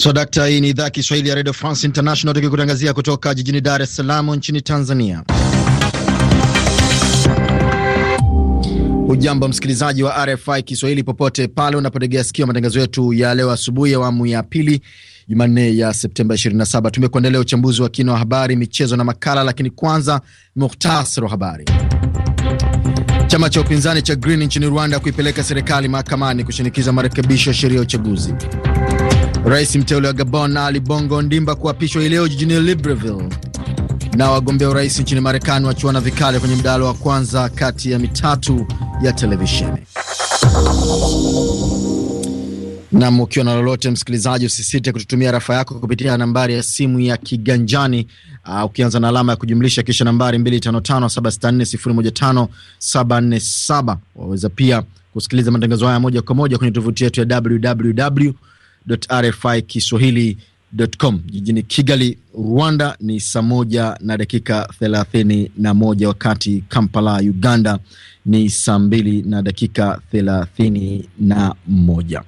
So, dakta, hii ni idhaa ya Kiswahili ya Radio France International tukikutangazia kutoka jijini Dar es Salaam nchini Tanzania. Ujambo msikilizaji wa RFI Kiswahili popote pale unapotegea sikio matangazo yetu ya leo asubuhi, awamu ya pili, Jumanne ya Septemba 27. kuendelea uchambuzi wa kina wa habari, michezo na makala, lakini kwanza muhtasari wa habari. Chama cha upinzani cha Green nchini Rwanda kuipeleka serikali mahakamani kushinikiza marekebisho ya sheria ya uchaguzi. Rais mteule wa Gabon Ali Bongo Ndimba kuapishwa hii leo jijini Libreville, na wagombea urais nchini Marekani wachuana vikali kwenye mdahalo wa kwanza kati ya mitatu ya televisheni. Nam, ukiwa na lolote msikilizaji, usisite kututumia rafa yako kupitia nambari ya simu ya kiganjani uh, ukianza na alama ya kujumlisha kisha nambari 255764015747. Waweza pia kusikiliza matangazo haya moja kwa moja kwenye tovuti yetu ya www RFI Kiswahili.com. Jijini Kigali, Rwanda ni saa moja na dakika thelathini na moja wakati Kampala, Uganda ni saa mbili na dakika thelathini na moja.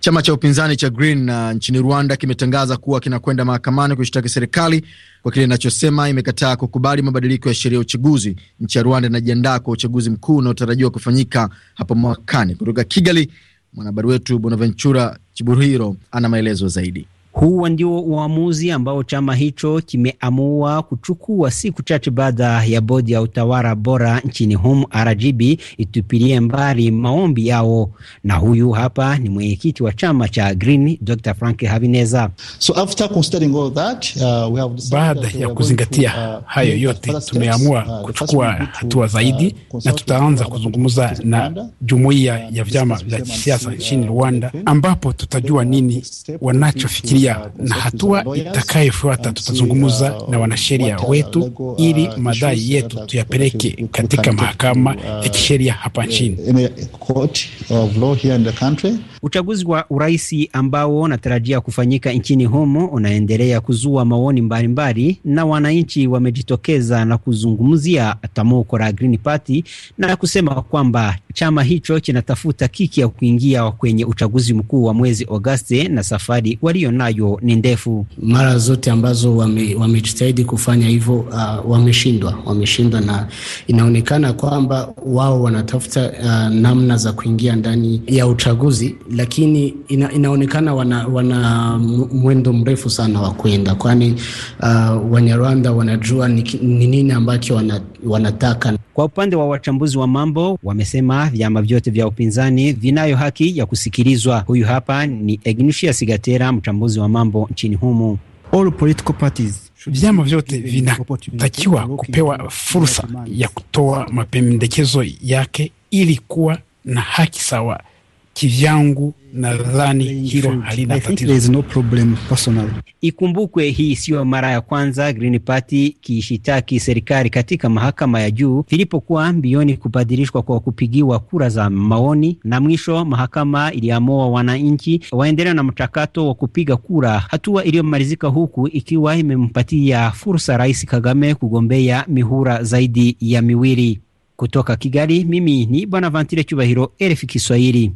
Chama cha upinzani cha Green na uh, nchini Rwanda kimetangaza kuwa kinakwenda mahakamani kushtaki serikali kwa kile inachosema imekataa kukubali mabadiliko ya sheria ya uchaguzi. Nchi ya Rwanda inajiandaa kwa uchaguzi mkuu unaotarajiwa kufanyika hapo mwakani. Kutoka Kigali, Mwanahabari wetu Bonaventura chiburuhiro ana maelezo zaidi. Huu ndio uamuzi ambao chama hicho kimeamua kuchukua siku chache baada ya bodi ya utawala bora nchini humu RGB itupilie mbali maombi yao, na huyu hapa ni mwenyekiti wa chama cha Green, Dr. Frank Habineza. So after considering all that, uh, we have baada ya kuzingatia to, uh, hayo yote tumeamua uh, kuchukua hatua zaidi uh, na tutaanza kuzungumza na jumuiya uh, ya vyama vya kisiasa nchini uh, Rwanda ambapo tutajua uh, nini wanachofikiria sheria na hatua itakayofuata tutazungumza na uh, wanasheria wetu ili uh, madai yetu tuyapeleke katika mahakama ya kisheria hapa uh, nchini. Uchaguzi wa urais ambao unatarajia kufanyika nchini humo unaendelea kuzua maoni mbalimbali, na wananchi wamejitokeza na kuzungumzia tamko la Green Party na kusema kwamba chama hicho kinatafuta kiki ya kuingia kwenye uchaguzi mkuu wa mwezi Agosti, na safari walio nayo ni ndefu. Mara zote ambazo wamejitahidi wame kufanya hivyo, uh, wameshindwa, wameshindwa na inaonekana kwamba wao wanatafuta uh, namna za kuingia ndani ya uchaguzi lakini ina, inaonekana wana, wana mwendo mrefu sana wa kwenda, kwani uh, Wanyarwanda wanajua ni nini ambacho wana, wanataka. Kwa upande wa wachambuzi wa mambo wamesema vyama vyote vya upinzani vinayo haki ya kusikilizwa. Huyu hapa ni Egnushia Sigatera, mchambuzi wa mambo nchini humu. All political parties vyama vyote vinatakiwa kupewa fursa ya kutoa mapendekezo yake ili kuwa na haki sawa kivyangu nadhani hilo halina tatizo no Ikumbukwe hii siyo mara ya kwanza Green Party kiishitaki serikali katika mahakama ya juu vilipokuwa mbioni kubadilishwa kwa kupigiwa kura za maoni, na mwisho mahakama iliamua wananchi waendelea na mchakato wa kupiga kura, hatua iliyomalizika huku ikiwa imempatia fursa Rais Kagame kugombea mihura zaidi ya miwili. Kutoka Kigali, mimi ni Bwana Vantile Chubahiro, RFI Kiswahili.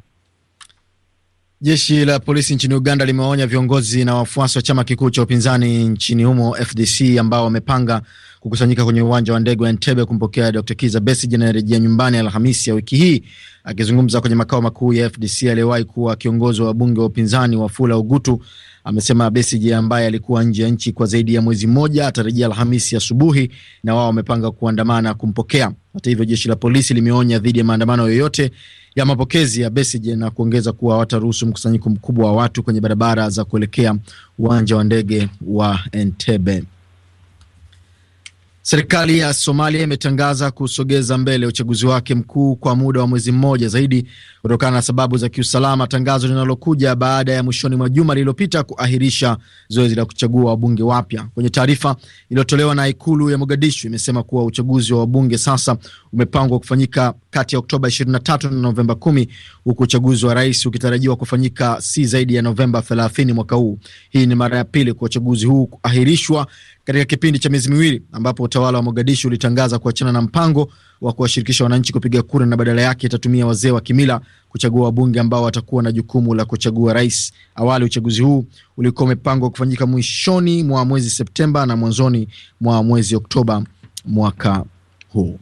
Jeshi la polisi nchini Uganda limewaonya viongozi na wafuasi wa chama kikuu cha upinzani nchini humo FDC ambao wamepanga kukusanyika kwenye uwanja wa ndege wa Entebbe kumpokea Dr Kiza Besigye anayerejea nyumbani Alhamisi ya wiki hii. Akizungumza kwenye makao makuu ya FDC, aliyewahi kuwa kiongozi wa wabunge wa upinzani Wafula Ugutu amesema Besigye ambaye alikuwa nje ya nchi kwa zaidi ya mwezi mmoja atarejea Alhamisi asubuhi, na wao wamepanga kuandamana kumpokea. Hata hivyo, jeshi la polisi limeonya dhidi ya maandamano yoyote ya mapokezi ya Besigye na kuongeza kuwa hawataruhusu mkusanyiko mkubwa wa watu kwenye barabara za kuelekea uwanja wa ndege wa Entebbe. Serikali ya Somalia imetangaza kusogeza mbele uchaguzi wake mkuu kwa muda wa mwezi mmoja zaidi kutokana na sababu za kiusalama, tangazo linalokuja baada ya mwishoni mwa juma lililopita kuahirisha zoezi la kuchagua wabunge wapya. Kwenye taarifa iliyotolewa na ikulu ya Mogadishu imesema kuwa uchaguzi wa wabunge sasa umepangwa kufanyika kati ya Oktoba 23 na Novemba 10 huku uchaguzi wa rais ukitarajiwa kufanyika si zaidi ya Novemba 30 mwaka huu. Hii ni mara ya pili kwa uchaguzi huu kuahirishwa katika kipindi cha miezi miwili ambapo utawala wa Mogadishu ulitangaza kuachana na mpango wa kuwashirikisha wananchi kupiga kura na badala yake itatumia wazee wa kimila kuchagua wabunge ambao watakuwa na jukumu la kuchagua rais. Awali uchaguzi huu ulikuwa umepangwa kufanyika mwishoni mwa mwezi Septemba na mwanzoni mwa mwezi Oktoba mwaka huu.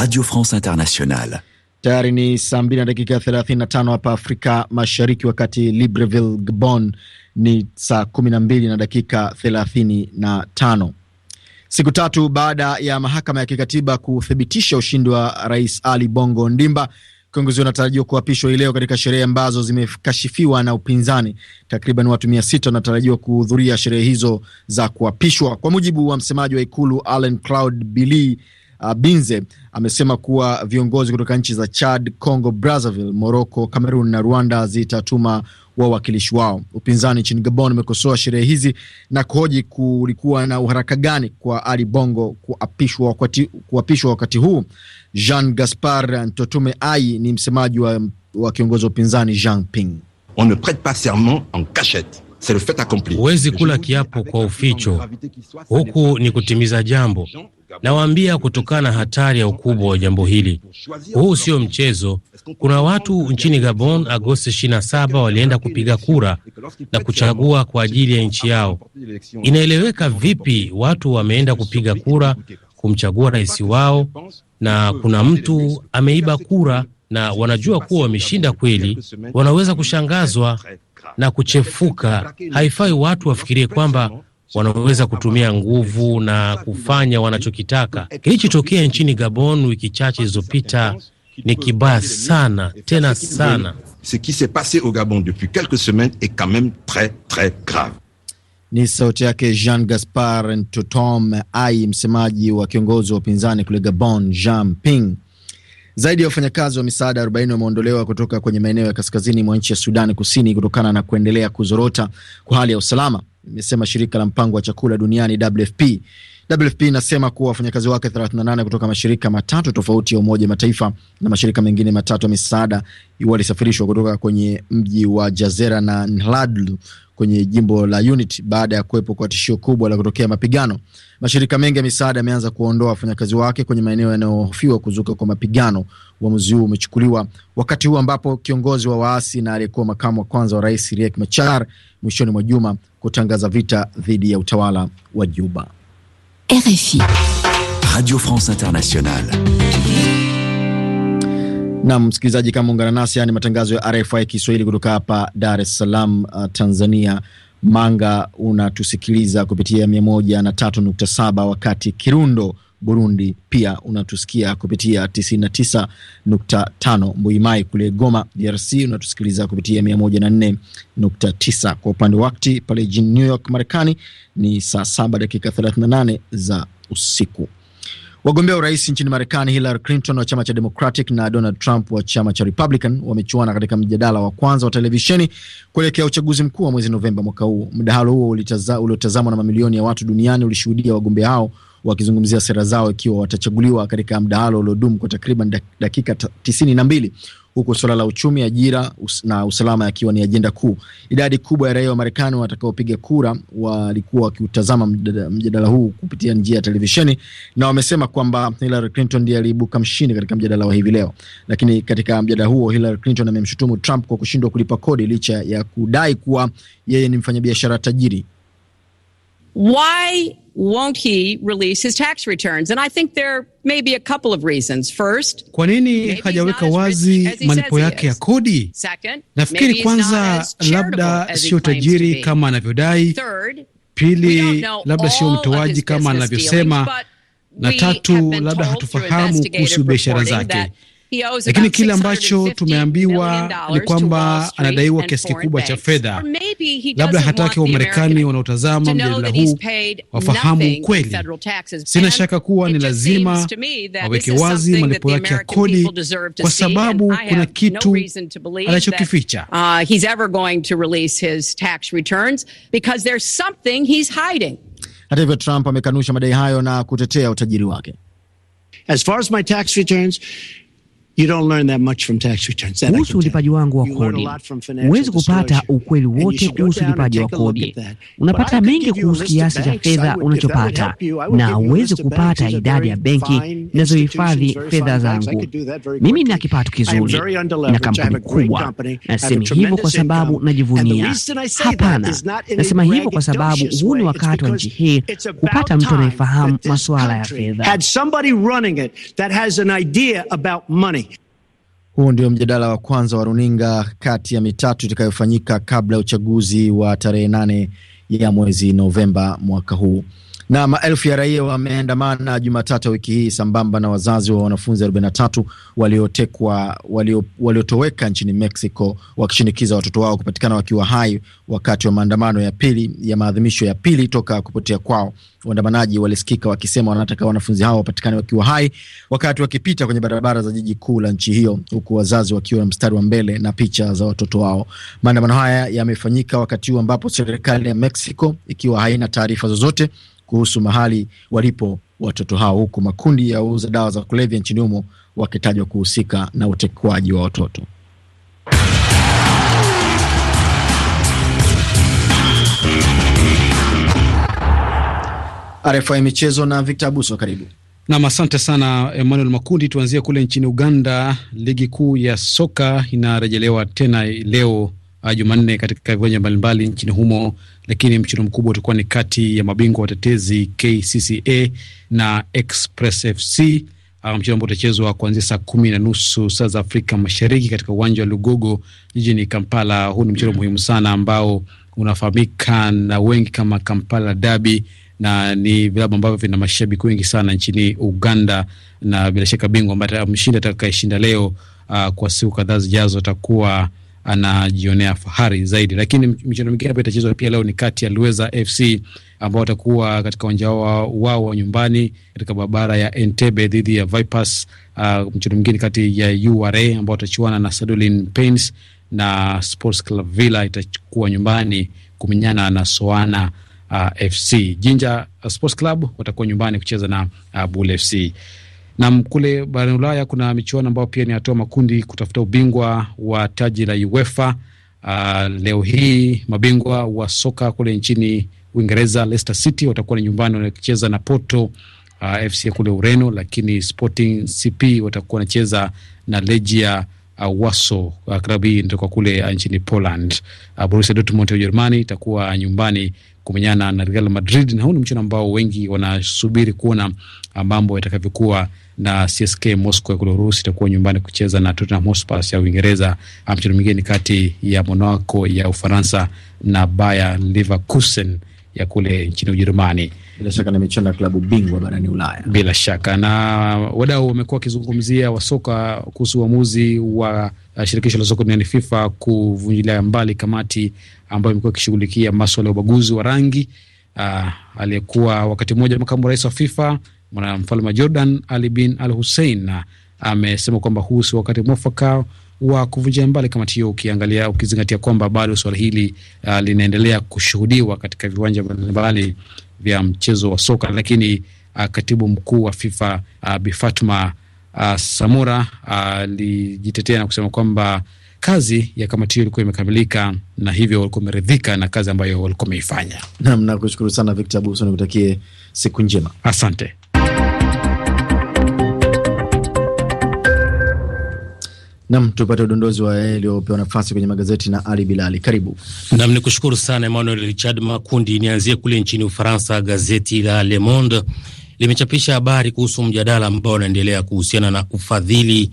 Radio France Internationale. Tayari ni saa mbili na dakika 35 hapa Afrika Mashariki, wakati Libreville, Gabon ni saa 12 na dakika 35. Siku tatu baada ya mahakama ya kikatiba kuthibitisha ushindi wa rais Ali Bongo Ndimba, kiongozi anatarajiwa kuapishwa hii leo katika sherehe ambazo zimekashifiwa na upinzani. Takriban watu mia sita wanatarajiwa kuhudhuria sherehe hizo za kuapishwa. Kwa mujibu wa msemaji wa ikulu Alan Cloud Bili uh, Binze amesema kuwa viongozi kutoka nchi za Chad, Congo Brazzaville, Morocco, Cameroon na Rwanda zitatuma wa wawakilishi wao. Upinzani nchini Gabon umekosoa sherehe hizi na kuhoji kulikuwa na uharaka gani kwa Ali Bongo kuapishwa wakati, kuapishwa wakati huu. Jean Gaspar Ntotume Ai ni msemaji wa, wa kiongozi wa upinzani Jean Ping. On ne prête pas serment en cachette. Huwezi kula kiapo kwa uficho, huku ni kutimiza jambo Nawaambia kutokana na hatari ya ukubwa wa jambo hili, huu sio mchezo. Kuna watu nchini Gabon Agosti 27 walienda kupiga kura na kuchagua kwa ajili ya nchi yao. Inaeleweka vipi watu wameenda kupiga kura kumchagua rais wao na kuna mtu ameiba kura na wanajua kuwa wameshinda kweli, wanaweza kushangazwa na kuchefuka. Haifai watu wafikirie kwamba wanaweza kutumia nguvu na kufanya wanachokitaka. Kilichotokea nchini Gabon wiki chache zilizopita ni kibaya sana tena sana. Ce qui s'est au Gabon depuis quelques semaines est quand même grave. Ni sauti yake Jean Gaspar Ntotom Ai, msemaji wa kiongozi wa upinzani kule Gabon, Jean Ping. Zaidi ya wafanyakazi wa misaada 40 wameondolewa kutoka kwenye maeneo ya kaskazini mwa nchi ya Sudani Kusini kutokana na kuendelea kuzorota kwa hali ya usalama imesema shirika la mpango wa chakula duniani WFP. WFP inasema kuwa wafanyakazi wake 38 kutoka mashirika matatu tofauti ya Umoja Mataifa na mashirika mengine matatu ya misaada walisafirishwa kutoka kwenye mji wa Jazera na Nhladlu kwenye jimbo la Unity baada ya kuwepo kwa tishio kubwa la kutokea mapigano. Mashirika mengi ya misaada yameanza kuondoa wafanyakazi wake kwenye maeneo yanayohofiwa kuzuka kwa mapigano. Uamuzi huu umechukuliwa wakati huu ambapo kiongozi wa waasi na aliyekuwa makamu wa kwanza wa rais Riek Machar mwishoni mwa juma kutangaza vita dhidi ya utawala wa Juba. RFI Radio France Internationale. Nam msikilizaji, kama ungana nasi, yani matangazo ya RFI Kiswahili kutoka hapa Dar es Salaam, uh, Tanzania. Manga unatusikiliza kupitia mia moja na tatu nukta saba wakati Kirundo Burundi pia unatusikia kupitia tano Mbuimai kule Goma DRC unatusikiliza kupitia tisa Kwa upande wa wakati pale jijini New York Marekani ni saa saba dakika nane za usiku. Wagombea urais nchini Marekani, Hillary Clinton wa chama cha Democratic na Donald Trump wa chama cha Republican wamechuana katika mjadala wa kwanza wa televisheni kuelekea uchaguzi mkuu wa mwezi Novemba mwaka huu. Mdahalo huo uliotazamwa na mamilioni ya watu duniani ulishuhudia wagombea hao wakizungumzia sera zao ikiwa watachaguliwa, katika mdahalo uliodumu kwa takriban dakika tisini na mbili huku suala la uchumi, ajira na usalama yakiwa ni ajenda kuu. Idadi kubwa ya raia wa Marekani watakaopiga kura walikuwa wakiutazama mjadala huu kupitia njia ya televisheni, na wamesema kwamba Hillary Clinton ndiye aliibuka mshindi katika mjadala wa hivi leo. Lakini katika mjadala huo, Hillary Clinton amemshutumu Trump kwa kushindwa kulipa kodi licha ya kudai kuwa yeye ni mfanyabiashara tajiri. Why won't he release his tax returns? And I think there may be a couple of reasons. First, kwa nini hajaweka wazi malipo yake ya kodi? Second, nafikiri kwanza labda sio tajiri kama anavyodai. Pili, labda sio mtoaji kama anavyosema, na tatu, labda hatufahamu kuhusu biashara zake lakini kile ambacho tumeambiwa ni kwamba anadaiwa kiasi kikubwa cha fedha. Labda hataki Wamarekani wanaotazama mjadala huu wafahamu ukweli. Sina shaka kuwa ni lazima waweke wazi malipo yake ya kodi, kwa sababu kuna kitu anachokificha. Uh, Hata hivyo, Trump amekanusha madai hayo na kutetea utajiri wake. As far as my tax returns, kuhusu ulipaji wangu wa kodi, huwezi kupata ukweli wote kuhusu ulipaji wa kodi. Unapata mengi kuhusu kiasi cha fedha unachopata, na huwezi kupata idadi ya benki inazohifadhi fedha zangu. Mimi nina kipato kizuri na kampuni kubwa. Nasema hivyo kwa sababu najivunia? Hapana, nasema hivyo kwa sababu huu ni wakati wa nchi hii kupata mtu anayefahamu masuala ya fedha. Huu ndio mjadala wa kwanza wa runinga kati ya mitatu itakayofanyika kabla ya uchaguzi wa tarehe nane ya mwezi Novemba mwaka huu. Na maelfu ya raia wameandamana Jumatatu ya wiki hii sambamba na wazazi wa wanafunzi 43 waliotekwa waliotoweka walio, nchini Mexico wakishinikiza watoto wao kupatikana wakiwa hai wakati wa maandamano ya pili ya maadhimisho ya pili toka kupotea kwao. Waandamanaji walisikika wakisema wanataka wanafunzi hao wapatikane wakiwa hai wakati wakipita kwenye barabara za jiji kuu la nchi hiyo, huku wazazi wakiwa na mstari wa mbele na picha za watoto wao. Maandamano haya yamefanyika wakati huu ambapo serikali ya Mexico ikiwa haina taarifa zozote kuhusu mahali walipo watoto hao, huku makundi ya uuza dawa za kulevya nchini humo wakitajwa kuhusika na utekwaji wa watoto. RFI Michezo na Victor Abuso, karibu nam. Asante sana Emmanuel Makundi. Tuanzie kule nchini Uganda. Ligi kuu ya soka inarejelewa tena leo uh, Jumanne katika viwanja mbalimbali nchini humo, lakini mchuano mkubwa utakuwa ni kati ya mabingwa watetezi KCCA na Express FC, uh, ah, mchuano ambao utachezwa kuanzia saa kumi na nusu saa za Afrika Mashariki katika uwanja wa Lugogo jijini Kampala. Huu ni mchuano muhimu sana ambao unafahamika na wengi kama Kampala Dabi na ni vilabu ambavyo vina mashabiki wengi sana nchini Uganda, na bila shaka bingwa ambaye mshindi atakayeshinda leo uh, kwa siku kadhaa zijazo atakuwa anajionea fahari zaidi. Lakini michezo mingine ambayo itachezwa pia leo ni kati ya Luweza FC ambao watakuwa katika uwanja wao wa nyumbani katika barabara ya Entebbe dhidi ya Vipers. Uh, ah, mchuano mwingine kati ya URA ambao watachuana na Sadolin Pains na Sports Club Villa itakuwa nyumbani kumenyana na Soana uh, ah, FC. Jinja uh, Sports Club watakuwa nyumbani kucheza na uh, Bull FC. Na kule barani Ulaya kuna michuano ambayo pia ni hatua makundi kutafuta ubingwa wa taji la UEFA. Uh, leo hii mabingwa wa soka kule nchini Uingereza, Leicester City watakuwa ni nyumbani wanacheza na Porto uh, ah, FC kule Ureno, lakini Sporting CP watakuwa wanacheza na Legia uh, Warsaw. Uh, klabu hii inatoka kule uh, nchini Poland. Uh, Borussia Dortmund ya Ujerumani itakuwa nyumbani kumenyana na Real Madrid, na huu ni mchezo ambao wengi wanasubiri kuona mambo yatakavyokuwa na CSK Moscow ya kule Urusi itakuwa nyumbani kucheza na Tottenham Hotspur ya Uingereza. Ah, mchezo mwingine ni kati ya Monaco ya Ufaransa na Bayer Leverkusen ya kule nchini Ujerumani. Bila shaka ni michuano ya klabu bingwa barani Ulaya. Bila shaka, na wadau wamekuwa wakizungumzia wasoka kuhusu uamuzi wa uh, shirikisho la soka duniani FIFA kuvunjilia mbali kamati ambayo imekuwa ikishughulikia maswala ya ubaguzi wa rangi. Uh, aliyekuwa wakati mmoja makamu rais wa FIFA Mwanamfalme wa Jordan Ali bin Al Hussein amesema kwamba huu si wakati mwafaka wa kuvunjia mbali kamati hiyo, ukiangalia ukizingatia kwamba bado swala hili uh, linaendelea kushuhudiwa katika viwanja mbalimbali vya mchezo wa soka. Lakini uh, katibu mkuu wa FIFA uh, Bi Fatma uh, Samura uh, alijitetea uh, na kusema kwamba kazi ya kamati hiyo ilikuwa imekamilika na hivyo walikuwa wameridhika na kazi ambayo walikuwa wameifanya. Nam, nakushukuru sana Victor Buso, nikutakie siku njema, asante. Nam, tupate udondozi wa yaliyopewa nafasi kwenye magazeti na Ali Bilali, karibu. Nam, ni kushukuru sana Emmanuel Richard Makundi. Nianzie kule nchini Ufaransa. Gazeti la Le Monde limechapisha habari kuhusu mjadala ambao unaendelea kuhusiana na ufadhili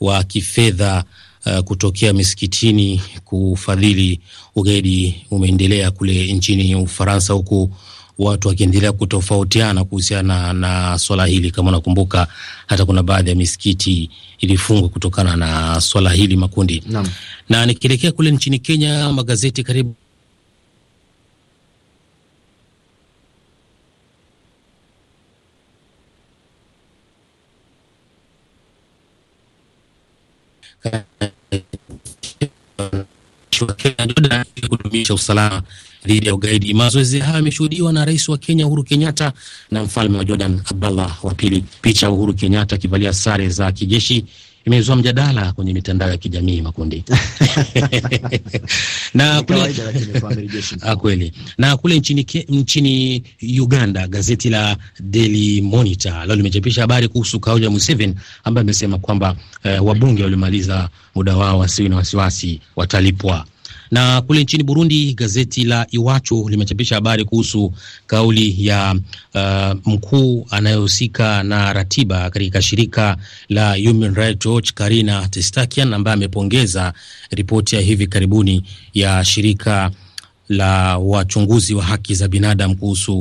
wa kifedha uh, kutokea misikitini kufadhili ugaidi umeendelea kule nchini Ufaransa, huku watu wakiendelea kutofautiana kuhusiana na, na swala hili. Kama unakumbuka, hata kuna baadhi ya misikiti ilifungwa kutokana na swala hili makundi na, na nikielekea kule nchini Kenya magazeti karibu kudumisha usalama dhidi ya ugaidi. Mazoezi hayo yameshuhudiwa na rais wa Kenya Uhuru Kenyatta na mfalme wa Jordan Abdallah wa pili. Picha Uhuru Kenyatta akivalia sare za kijeshi imezua mjadala kwenye mitandao ya kijamii makundi na kule... Ah, kweli na kule nchini, ke... nchini Uganda, gazeti la Daily Monitor leo limechapisha habari kuhusu kauli ya Museveni ambaye amesema kwamba eh, wabunge walimaliza muda wao wasiwe na wasiwasi, watalipwa na kule nchini Burundi, gazeti la Iwachu limechapisha habari kuhusu kauli ya uh, mkuu anayehusika na ratiba katika shirika la Human Rights Watch Karina Testakian, ambaye amepongeza ripoti ya hivi karibuni ya shirika la wachunguzi wa haki za binadamu kuhusu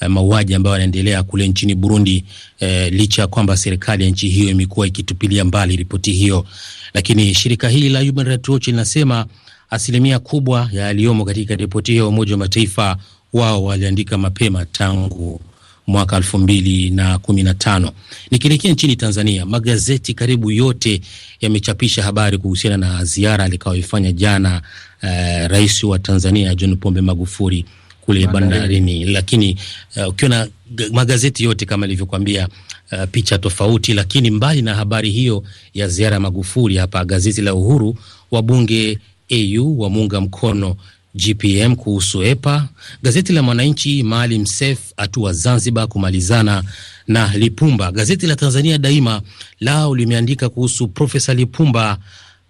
uh, mauaji ambayo yanaendelea kule nchini Burundi eh, licha ya kwamba serikali ya nchi hiyo imekuwa ikitupilia mbali ripoti hiyo, lakini shirika hili la Human Rights Watch linasema asilimia kubwa ya yaliyomo katika ripoti hiyo ya Umoja wa Mataifa wao waliandika mapema tangu mwaka elfu mbili na kumi na tano. Nikielekea nchini Tanzania, magazeti karibu yote yamechapisha habari kuhusiana na ziara alikaoifanya jana uh, rais wa Tanzania John Pombe Magufuli kule bandarini, lakini eh, ukiona uh, magazeti yote kama ilivyokwambia uh, eh, picha tofauti. Lakini mbali na habari hiyo ya ziara ya Magufuli, hapa gazeti la Uhuru wabunge AU wamuunga mkono GPM kuhusu EPA. Gazeti la Mwananchi, Maalim Sef atua Zanzibar kumalizana na Lipumba. Gazeti la Tanzania Daima lao limeandika kuhusu Profesa Lipumba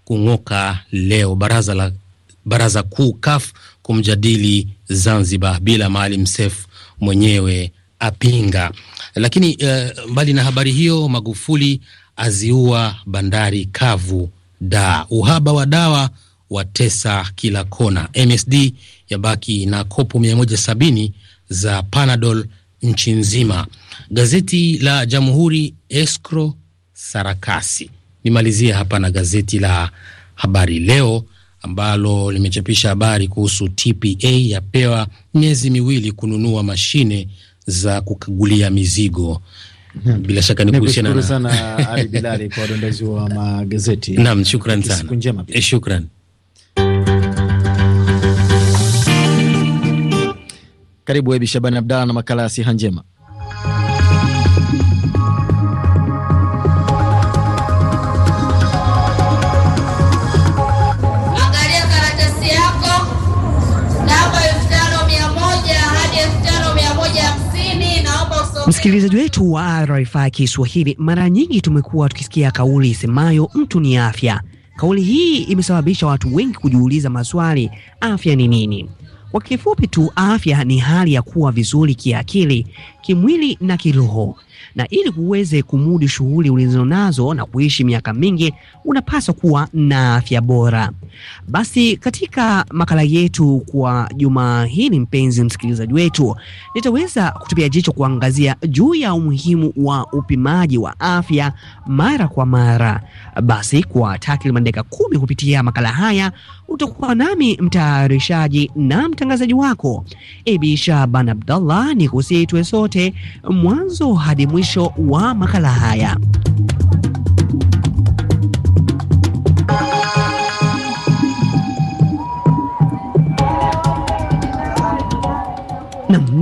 kung'oka leo, baraza la baraza kuu kaf kumjadili Zanzibar bila Maalim sef mwenyewe apinga. Lakini uh, mbali na habari hiyo, Magufuli aziua bandari kavu da uhaba wa dawa watesa kila kona. MSD yabaki na kopo 170 za Panadol nchi nzima. Gazeti la Jamhuri escro sarakasi. Nimalizie hapa na gazeti la Habari Leo ambalo limechapisha habari kuhusu TPA yapewa miezi miwili kununua mashine za kukagulia mizigo. Bila shaka ni kuhusiana na Ali Bilali kwa udondezi wa magazeti. Naam, shukran sana, siku njema. Eh, Karibu Ebi Shabani Abdala na makala ya siha njema. Msikilizaji wetu wa RFI Kiswahili, mara nyingi tumekuwa tukisikia kauli isemayo mtu ni afya. Kauli hii imesababisha watu wengi kujiuliza maswali, afya ni nini? Kwa kifupi tu, afya ni hali ya kuwa vizuri kiakili, kimwili na kiroho na ili uweze kumudu shughuli ulizonazo na kuishi miaka mingi, unapaswa kuwa na afya bora. Basi katika makala yetu kwa juma hili, mpenzi msikilizaji wetu, nitaweza kutupia jicho kuangazia juu ya umuhimu wa upimaji wa afya mara kwa mara. Basi kwa takriban dakika kumi kupitia makala haya utakuwa nami mtayarishaji na mtangazaji wako Abi Shaban Abdallah, ni kusihi sote mwanzo hadi mwisho wa makala haya.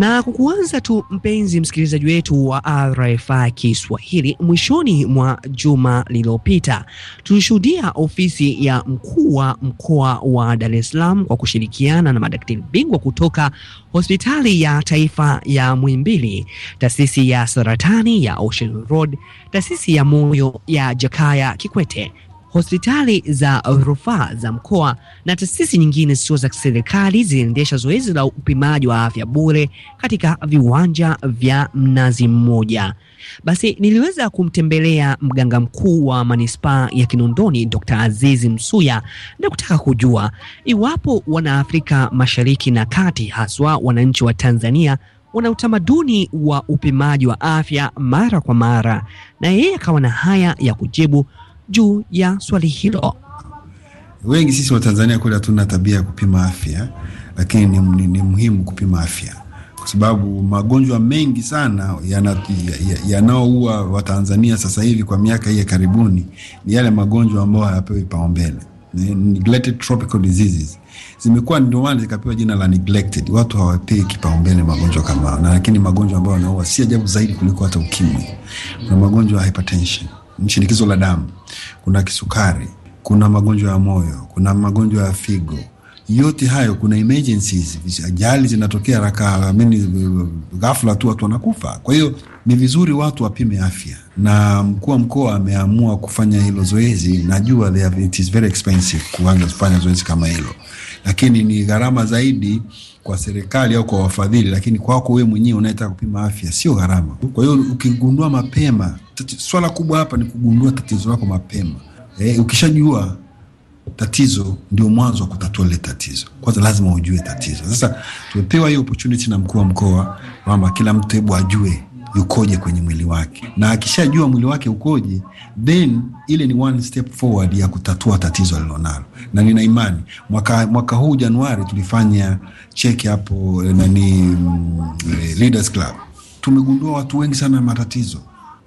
Na kwa kuanza tu, mpenzi msikilizaji wetu wa RFI Kiswahili, mwishoni mwa juma lililopita tulishuhudia ofisi ya mkuu wa mkoa wa Dar es Salaam kwa kushirikiana na madaktari bingwa kutoka hospitali ya taifa ya Muhimbili, taasisi ya saratani ya Ocean Road, taasisi ya moyo ya Jakaya Kikwete hospitali za rufaa za mkoa na taasisi nyingine sio za serikali ziliendesha zoezi la upimaji wa afya bure katika viwanja vya Mnazi Mmoja. Basi niliweza kumtembelea mganga mkuu wa manispaa ya Kinondoni Dr. Azizi Msuya na kutaka kujua iwapo Wanaafrika Mashariki na Kati, haswa wananchi wa Tanzania wana utamaduni wa upimaji wa afya mara kwa mara, na yeye akawa na haya ya kujibu juu ya swali hilo. Wengi sisi Watanzania kule hatuna tabia ya kupima afya, lakini ni, ni, ni muhimu kupima afya kwa sababu magonjwa mengi sana yanaoua ya, ya Watanzania sasa hivi kwa miaka hii ya karibuni ni yale magonjwa ambayo hayapewi paumbele. Neglected tropical diseases zimekuwa ndio maana zikapewa jina la neglected. Watu hawapei kipaumbele magonjwa kama na, lakini magonjwa ambayo yanaua si ajabu zaidi kuliko hata ukimwi na magonjwa ya hypertension shinikizo la damu, kuna kisukari, kuna magonjwa ya moyo, kuna magonjwa ya figo yote hayo kuna emergencies, ajali zinatokea raka ghafla tu, watu wanakufa. Kwa hiyo ni vizuri watu wapime afya, na mkuu wa mkoa ameamua kufanya hilo zoezi. Najua it is very expensive kuanza kufanya zoezi kama hilo, lakini ni gharama zaidi kwa serikali au kwa wafadhili, lakini kwako wewe mwenyewe unayetaka kupima afya sio gharama. Kwa hiyo ukigundua mapema swala kubwa hapa ni kugundua tatizo lako mapema. eh, ukishajua tatizo ndio mwanzo wa kutatua lile tatizo. Kwanza lazima ujue tatizo. Sasa tumepewa hiyo opportunity na mkuu wa mkoa kwamba kila mtu hebu ajue ukoje kwenye mwili wake, na akishajua mwili wake ukoje, then ile ni one step forward ya kutatua tatizo alilonalo, na nina imani mwaka, mwaka huu Januari tulifanya check hapo eh, nani, mm, eh, Leaders Club, tumegundua watu wengi sana matatizo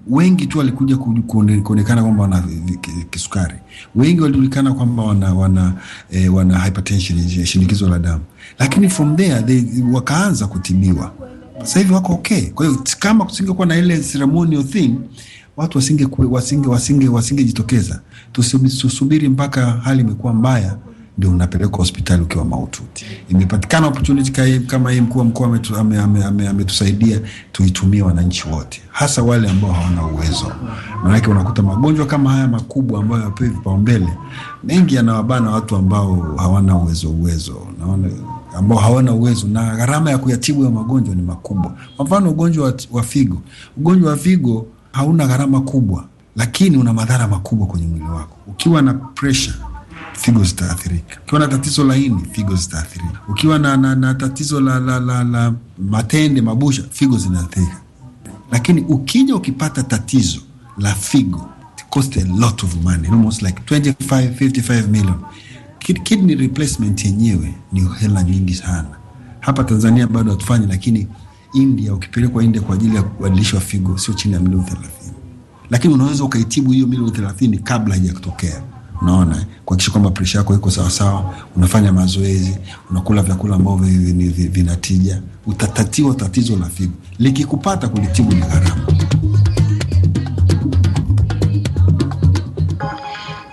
wengi tu walikuja kuonekana kwamba wana kisukari, wengi walijulikana kwamba wana wana, eh, wana hypertension, e, shinikizo la damu, lakini from there they, wakaanza kutibiwa. Sasa hivi wako okay. Kwa hiyo kama kusingekuwa na ile ceremonial thing watu wasinge wasingejitokeza wasinge, wasinge, wasinge tusubiri mpaka hali imekuwa mbaya ndio unapelekwa hospitali ukiwa maututi. Imepatikana opportunity kama hii, mkuu wa mkoa ametusaidia tuitumie wananchi wote, hasa wale ambao hawana uwezo. Maanake unakuta magonjwa kama haya makubwa ambayo yapewi vipaumbele, mengi yanawabana watu ambao hawana uwezo uwezo, naona ambao hawana uwezo na gharama ya kuyatibu ya magonjwa ni makubwa. Kwa mfano ugonjwa wa figo, ugonjwa wa figo hauna gharama kubwa, lakini una madhara makubwa kwenye mwili wako. Ukiwa na pressure figo zitaathirika. Ukiwa na tatizo la ini, figo zitaathirika. Ukiwa na, na, na tatizo la, la, la, la matende, mabusha, figo zinaathirika. Lakini ukija ukipata tatizo la figo, it cost a lot of money, almost like 25, 55 million. Kidney replacement yenyewe ni hela nyingi sana. Hapa Tanzania bado hatufanyi, lakini India, ukipelekwa India kwa ajili ya kubadilishwa figo sio chini ya milioni thelathini, lakini unaweza ukaitibu hiyo milioni thelathini kabla haija kutokea unaona, kuhakikisha kwamba presha yako iko sawasawa, unafanya mazoezi, unakula vyakula ambavyo vina tija, utatatiwa tatizo la figo. Likikupata, kulitibu ni gharama.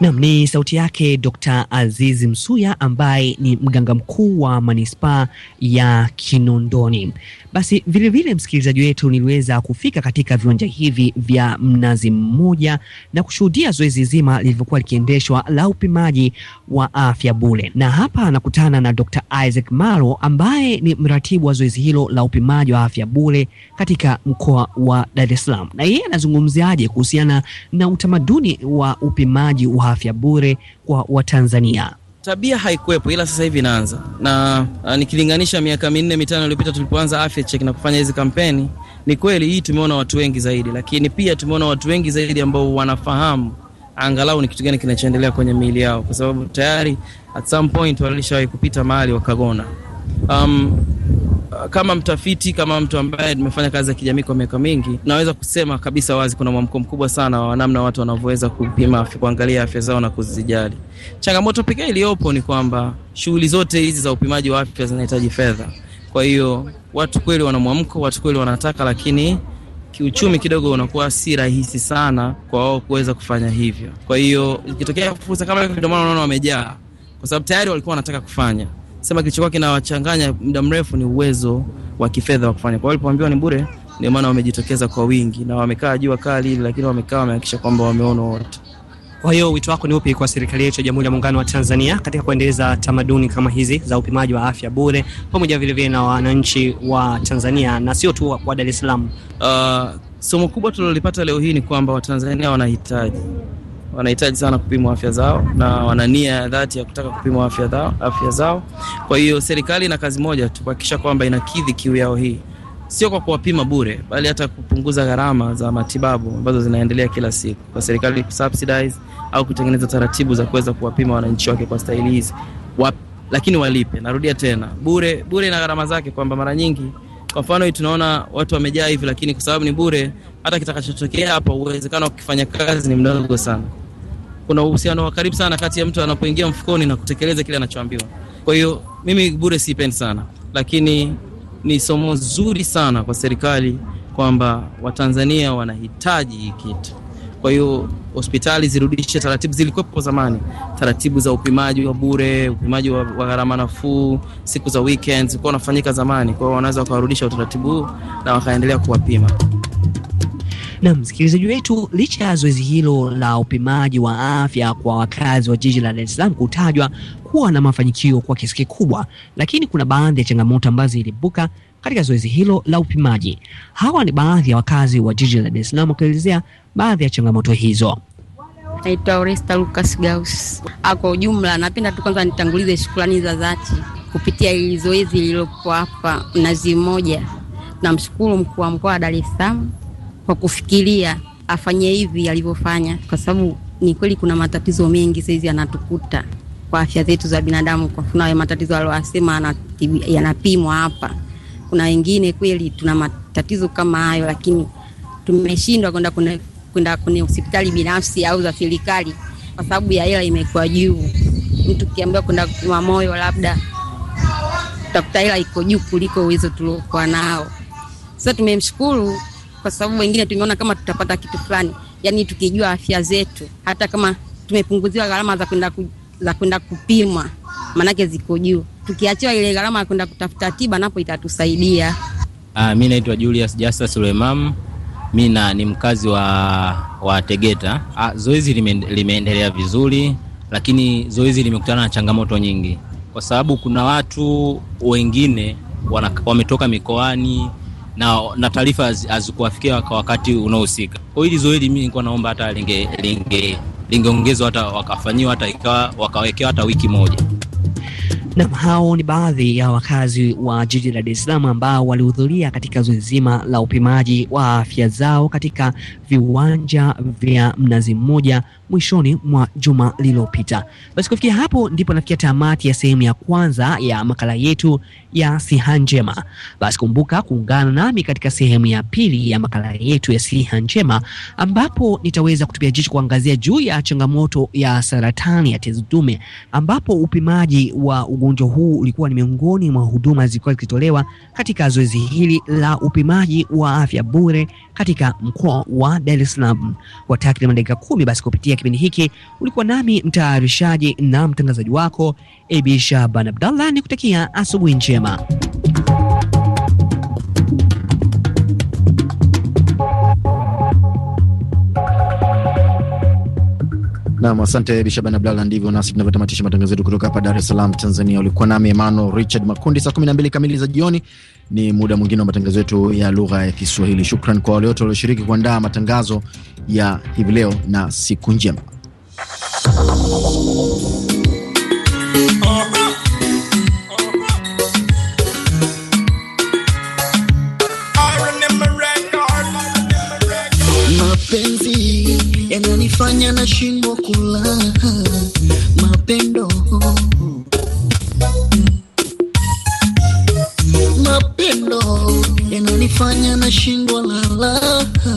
Nam ni sauti yake Dr. Aziz Msuya ambaye ni mganga mkuu wa manispaa ya Kinondoni. Basi vilevile, msikilizaji wetu, niliweza kufika katika viwanja hivi vya Mnazi Mmoja na kushuhudia zoezi zima lilivyokuwa likiendeshwa la upimaji wa afya bure, na hapa anakutana na Dr. Isaac Maro ambaye ni mratibu wa zoezi hilo la upimaji wa afya bure katika mkoa wa Dar es Salaam, na yeye anazungumziaje kuhusiana na utamaduni wa upimaji wa afya bure kwa Watanzania? Tabia haikuwepo ila sasa hivi inaanza na a, uh, nikilinganisha miaka minne mitano iliyopita tulipoanza afya check na kufanya hizi kampeni, ni kweli hii tumeona watu wengi zaidi, lakini pia tumeona watu wengi zaidi ambao wanafahamu angalau ni kitu gani kinachoendelea kwenye miili yao, kwa sababu tayari at some point walishawahi kupita mahali wakagona. Um, Ah, kama mtafiti, kama mtu ambaye nimefanya kazi ya kijamii kwa miaka mingi, naweza kusema kabisa wazi kuna mwamko mkubwa sana wa namna watu wanavyoweza kupima, kuangalia afya zao na kuzijali. Changamoto pekee iliyopo ni kwamba shughuli zote hizi za upimaji wa afya zinahitaji fedha. Kwa hiyo watu kweli wana mwamko, watu kweli wanataka, lakini kiuchumi kidogo unakuwa si rahisi sana kwa wao kuweza kufanya hivyo. Kwa hiyo ikitokea fursa kama hiyo, ndio maana unaona wamejaa, kwa sababu tayari walikuwa wanataka kufanya sema kilichokuwa kinawachanganya muda mrefu ni uwezo wa kifedha wa kufanya. Kwa hiyo walipoambiwa ni bure, ndio maana wamejitokeza kwa wingi na wamekaa jua kali, lakini wamekaa wamehakikisha kwamba wameona wote. Kwa hiyo wito wako ni upi kwa serikali yetu ya Jamhuri ya Muungano wa Tanzania katika kuendeleza tamaduni kama hizi za upimaji wa afya bure pamoja vilevile na wananchi wa Tanzania na sio tu wa Dar es Salaam? Uh, somo kubwa tulilolipata leo hii ni kwamba Watanzania wanahitaji wanahitaji sana kupimwa afya zao na wana nia ya dhati ya kutaka kupimwa afya zao, afya zao. Kwa hiyo serikali ina kazi moja tu, kuhakikisha kwamba inakidhi kiu yao hii, sio kwa kuwapima bure, bali hata kupunguza gharama za matibabu ambazo zinaendelea kila siku, kwa serikali kusubsidize au kutengeneza taratibu za kuweza kuwapima wananchi wake kwa staili hizi, lakini walipe. Narudia tena, bure bure ina gharama zake, kwamba mara nyingi kwa mfano hii tunaona watu wamejaa hivi, lakini kwa sababu ni bure, hata kitakachotokea hapa, uwezekano wa kufanya kazi ni mdogo sana. Kuna uhusiano wa karibu sana kati ya mtu anapoingia mfukoni na kutekeleza kile anachoambiwa. Kwa hiyo mimi bure sipendi sana, lakini ni somo zuri sana kwa serikali kwamba Watanzania wanahitaji hii kitu. Kwa hiyo hospitali zirudishe taratibu zilikuwepo zamani, taratibu za upimaji wa bure, upimaji wa gharama nafuu, siku za weekends kwa wanafanyika zamani. Kwa hiyo wanaweza wakawarudisha utaratibu huu na wakaendelea kuwapima na msikilizaji wetu, licha ya zoezi hilo la upimaji wa afya kwa wakazi wa jiji la Dar es Salaam kutajwa kuwa na mafanikio kwa kiasi kikubwa, lakini kuna baadhi ya changamoto ambazo zilibuka katika zoezi hilo la upimaji. Hawa ni baadhi ya wakazi wa jiji la Dar es Salaam wakielezea baadhi ya changamoto hizo. Naitwa Oresta Lucas Gaus. Kwa ujumla, napenda tu kwanza nitangulize shukrani za dhati kupitia hili zoezi lililopo hapa Mnazi Mmoja. Namshukuru mkuu wa mkoa wa Dar es Salaam kwa kufikiria afanye hivi alivyofanya, kwa sababu ni kweli kuna matatizo mengi saizi yanatukuta kwa afya zetu za binadamu. Kwa kuna ya matatizo aliyosema yanapimwa hapa, kuna wengine kweli tuna matatizo kama hayo, lakini tumeshindwa kwenda kwenda kwenye hospitali binafsi au za serikali, kwa sababu ya hela imekuwa juu. Mtu kiambiwa kwenda kupima moyo, labda utakuta hela iko juu kuliko uwezo tuliokuwa nao. Sasa tumemshukuru kwa sababu wengine tumeona kama tutapata kitu fulani, yani tukijua afya zetu, hata kama tumepunguziwa gharama za kwenda ku, za kwenda kupimwa, maanake ziko juu. Tukiachiwa ile gharama ya kwenda kutafuta tiba, napo itatusaidia. Ah, mimi naitwa Julius Jasa Suleiman mi ni mkazi wa, wa Tegeta. Ah, zoezi limeendelea vizuri, lakini zoezi limekutana na changamoto nyingi, kwa sababu kuna watu wengine wana, wametoka mikoani na, na taarifa hazikuwafikia kwa wakati unaohusika. Kwa hili zoezi mimi nilikuwa naomba hata lingeongezwa linge, hata wakafanyiwa hata ikawa wakawekewa hata wiki moja. Na hao ni baadhi ya wakazi wa jiji la Dar es Salaam ambao walihudhuria katika zoezi zima la upimaji wa afya zao katika viwanja vya Mnazi Mmoja mwishoni mwa juma lililopita. Basi kufikia hapo ndipo nafikia tamati ya sehemu ya kwanza ya makala yetu ya Siha Njema. Basi kumbuka kuungana nami katika sehemu ya pili ya makala yetu ya Siha Njema, ambapo nitaweza kutupia jicho kuangazia juu ya changamoto ya saratani ya tezi dume, ambapo upimaji wa ugonjwa huu ulikuwa ni miongoni mwa huduma zilikuwa zikitolewa katika zoezi hili la upimaji wa afya bure katika mkoa wa Dar es Salaam kwa takriban dakika kumi basi kupitia kipindi hiki ulikuwa nami mtayarishaji na mtangazaji wako Abi Ban Abdallah, ni kutakia asubuhi njema. Nam, asante Bishaban Abdalla. Ndivyo nasi tunavyotamatisha matangazo yetu kutoka hapa Dar es Salaam, Tanzania. Ulikuwa nami Emmanuel Richard Makundi, saa 12 kamili za jioni ni muda mwingine wa matangazo yetu ya lugha ya Kiswahili. Shukran kwa wale wote walioshiriki kuandaa matangazo ya hivi leo, na siku njema. Mapenzi yananifanya nashindwa kulala, mapendo mapendo yananifanya nashindwa na raha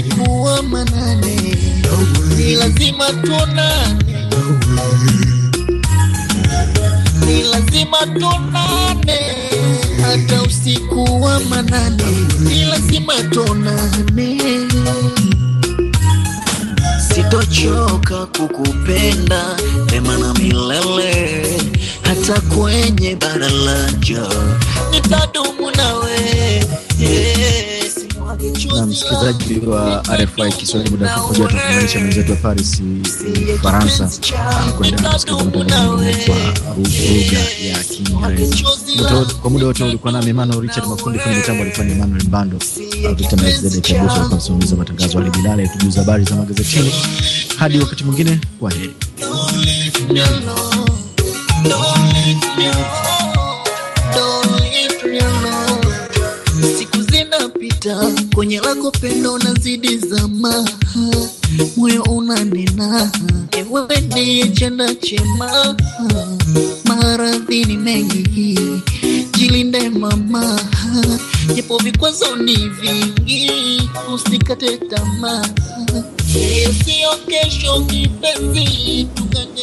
Imekuwa manane, ni lazima tuonane, ni lazima tuonane, hata usiku wa manane, ni lazima tuonane. Sitochoka kukupenda mema na milele, hata kwenye bara la njaa mtangazaji wa RFI Kiswahili. Muda mfupi ujao tunakamilisha mwenzetu wa Paris, Ufaransa, kwenda kusikiliza matangazo kwa lugha ya Kiingereza. Kwa muda wote ulikuwa nami Emmanuel Richard Makundi, fundi mitambo alikuwa ni Emmanuel Mbando, kwa msimamizi wa matangazo Ali Bilal, tujuza habari za magazetini. Hadi wakati mwingine, kwa heri. kuacha kwenye lako pendo nazidi zama, moyo unanena, ewe ndiye chenda chema, maradhi ni mengi, jilinde mama, japo vikwazo ni vingi, usikate tamaa, kesho kipenzi tukane